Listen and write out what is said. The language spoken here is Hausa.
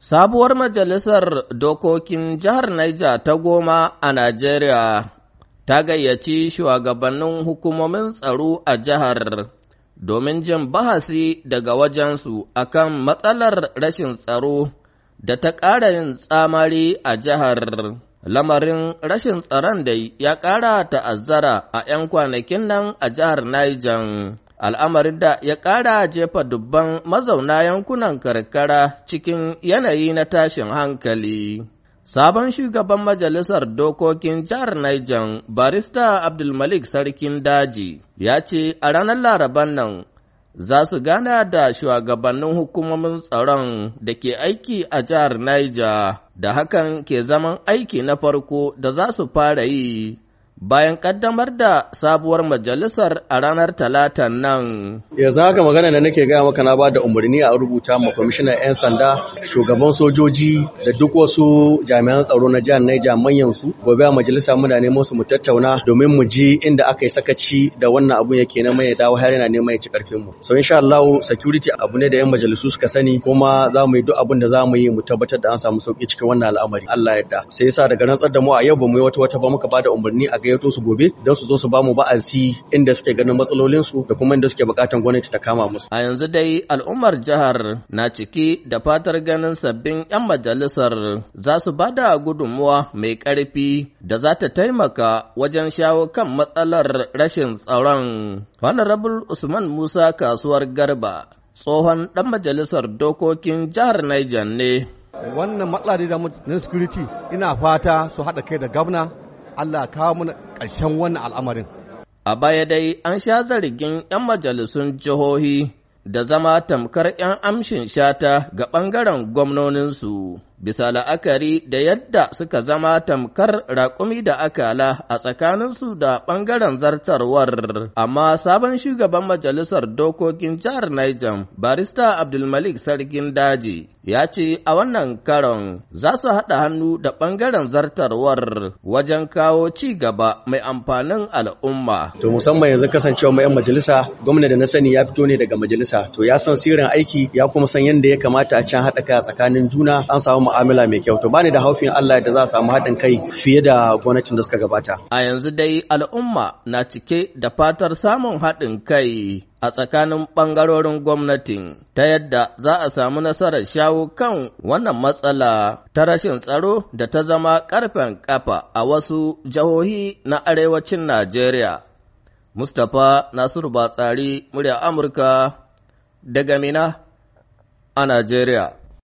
Sabuwar Majalisar Dokokin Jihar Niger ta goma a Najeriya ta gayyaci shugabannin hukumomin tsaro a jihar domin jin bahasi daga wajensu akan matsalar rashin tsaro da ta ƙara yin tsamari a jihar. Lamarin rashin tsaron da ya ƙara ta'azzara a ‘yan kwanakin nan a jihar Niger. al'amarin da ya ƙara jefa dubban mazauna yankunan karkara cikin yanayi na tashin hankali. Sabon shugaban Majalisar Dokokin Jihar Niger, Barista Abdulmalik Sarkin Daji, ya ce a ranar Laraban nan za su gana da shugabannin hukumomin tsaron da ke aiki a jihar Niger, da hakan ke zaman aiki na farko da za su fara yi bayan kaddamar da sabuwar majalisar a ranar Talata nan. za haka magana da nake gaya maka na bada umarni a rubuta ma kwamishinan 'yan sanda, shugaban sojoji da duk wasu jami'an tsaro na jihar Niger manyan su gobe a majalisa muna neman su mu tattauna domin mu ji inda aka yi sakaci da wannan abun yake na mai dawo har yana neman ya ci karfin mu. So insha Allah security abu ne da 'yan majalisu suka sani kuma za mu yi duk abin da za mu yi mu tabbatar da an samu sauki cikin wannan al'amari. Allah ya yarda. Sai yasa daga rantsar da mu a yau ba mu yi wata wata ba muka ba da umarni a gayyato su gobe don su zo su bamu ba'azi inda suke ganin matsalolin su da kuma inda suke bukatan gwamnati ta kama musu a yanzu dai al'ummar jihar na ciki da fatar ganin sabbin yan majalisar za su bada gudunmuwa mai karfi da za ta taimaka wajen shawo kan matsalar rashin tsaron honorable usman musa kasuwar garba tsohon ɗan majalisar dokokin jihar Niger ne. Wannan matsala da na security ina fata su haɗa kai da gwamna Allah kawo mana ƙarshen wannan al'amarin. A baya dai an sha zargin 'yan majalisun jihohi da zama tamkar 'yan amshin shata ga ɓangaren gwamnoninsu. bisa la'akari da yadda suka zama tamkar raƙumi da akala a tsakaninsu da ɓangaren zartarwar. Amma sabon shugaban majalisar dokokin jihar Niger, barista Abdulmalik Sarkin Daji, ya ce a wannan karon za su haɗa hannu da ɓangaren zartarwar wajen kawo ci gaba mai amfanin al'umma. To musamman yanzu kasancewa mai majalisa, gwamna da na sani ya fito ne daga majalisa, to ya san sirrin aiki ya kuma san yadda ya kamata a can haɗa kai a tsakanin juna an samu mu'amala mai kyau to bani da haufin Allah da za a samu haɗin kai fiye da gwamnatin da suka gabata a yanzu dai al'umma na cike da fatar samun haɗin kai a tsakanin ɓangarorin gwamnatin ta yadda za a samu nasarar shawo kan wannan matsala ta rashin tsaro da ta zama ƙarfen ƙafa a wasu jihohi na arewacin Najeriya. Mustapha Nasiru Batsari, murya Amurka, daga Mina a Najeriya.